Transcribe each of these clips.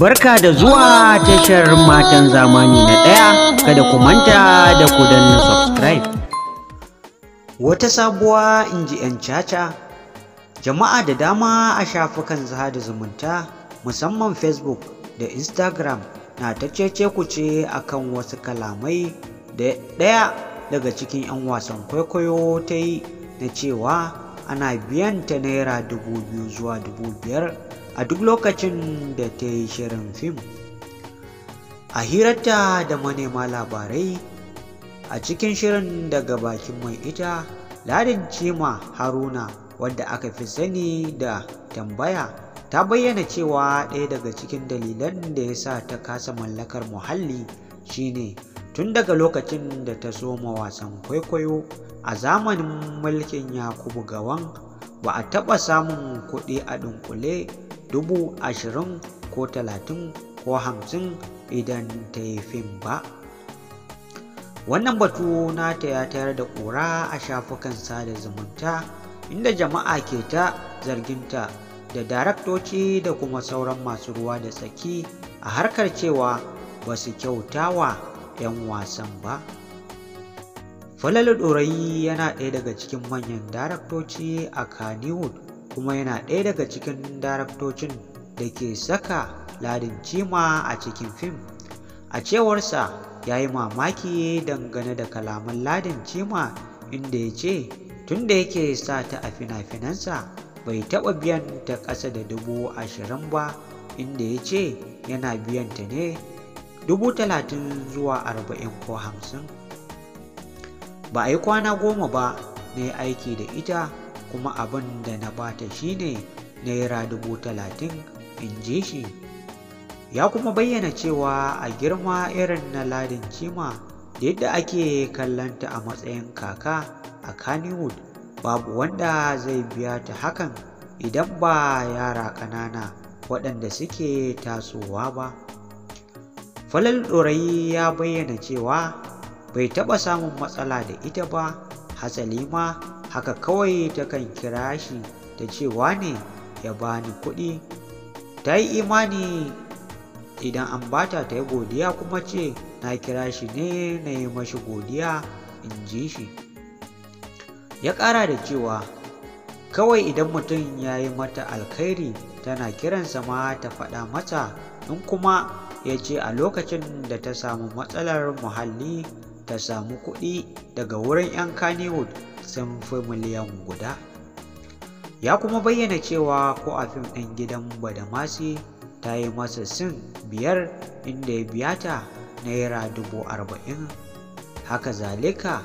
Barka da zuwa tashar matan zamani na ɗaya kada ku manta da ku danna subscribe. Wata sabuwa in ji 'yan caca, jama'a da dama a shafukan zahada zumunta musamman Facebook da Instagram na ta cece kuce a kan wasu kalamai da ɗaya daga cikin 'yan wasan kwaikwayo ta yi na cewa ana biyan ta naira dubu biyu zuwa dubu biyar a duk lokacin da ta yi shirin fim a hirarta da manema labarai a cikin shirin daga bakin mai ita ladin cima haruna wadda aka fi sani da tambaya ta bayyana cewa ɗaya daga cikin dalilan da ya sa ta kasa mallakar muhalli shine tun daga lokacin da ta soma wasan kwaikwayo a zamanin mulkin yakubu gawan ba a taɓa samun kuɗi a dunkule dubu ashirin ko talatin ko hamsin idan ta yi fim ba wannan batu nata ya tayar da ƙura a shafukan sada zumunta inda jama'a ke ta zarginta da daraktoci da kuma sauran masu ruwa da tsaki a harkar cewa ba su kyautawa 'yan wasan ba falalu ɗorayi yana ɗaya daga cikin manyan daraktoci a kannywood kuma yana ɗaya daga cikin daraktocin da ke saka ladin cima a cikin fim a cewarsa ya yi mamaki dangane da kalaman ladin cima inda ya ce tun da yake sa ta a fina-finansa bai taɓa biyan ta ƙasa da dubu ashirin ba inda ya ce yana biyan ta ne dubu talatin zuwa arba'in ko hamsin ba a yi kwana goma ba na yi aiki da ita kuma abin da na bata shine naira dubu talatin in ji shi ya kuma bayyana cewa a girma irin na ladin kima da yadda ake kallonta a matsayin kaka a kannywood babu wanda zai biya ta hakan idan ba yara ƙanana waɗanda suke tasowa ba falal ɗorayi ya bayyana cewa bai taɓa samun matsala da ita ba hatsali ma haka kawai ta kan kira shi da cewa ne ya bani kuɗi ta yi imani idan an bata ta yi godiya kuma ce na kira shi ne na yi mashi godiya in ji shi ya ƙara da cewa kawai idan mutum ya yi mata alkhairi tana kiransa ma ta faɗa mata in kuma ya ce a lokacin da ta samu matsalar muhalli ta samu kuɗi daga wurin 'yan Kannywood sun fi miliyan guda. Ya kuma bayyana cewa ko a fim ɗin gidan Badamasi ta yi masa sin biyar inda ya biya ta naira dubu arba'in. Haka zalika,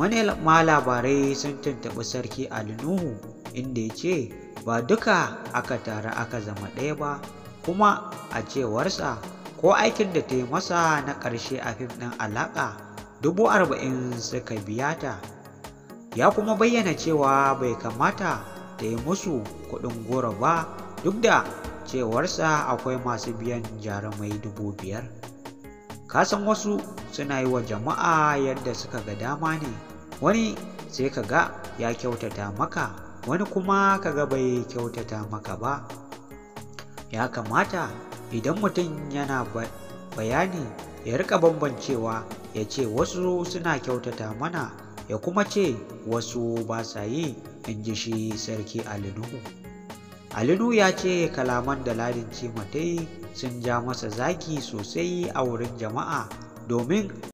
ma labarai sun tuntuɓi sarki Ali Nuhu inda ya ce ba duka aka tare aka zama ɗaya ba kuma a cewarsa ko aikin da ta yi masa na ƙarshe a fim ɗin alaƙa dubu arba'in suka biya ta ya kuma bayyana cewa bai kamata ta yi musu kuɗin goro ba duk da cewarsa akwai masu biyan jarumai dubu biyar kasan wasu suna yi wa jama'a yadda suka ga dama ne wani sai ka ga ya kyautata maka wani kuma ka ga bai kyautata maka ba ya kamata idan mutum yana bayani ya rika bambancewa ya ce wasu suna kyautata mana ya kuma ce wasu ba sa yi in ji shi sarki alinu alinuhu ya ce kalaman da ladin ce sun ja masa zaki sosai a wurin jama'a domin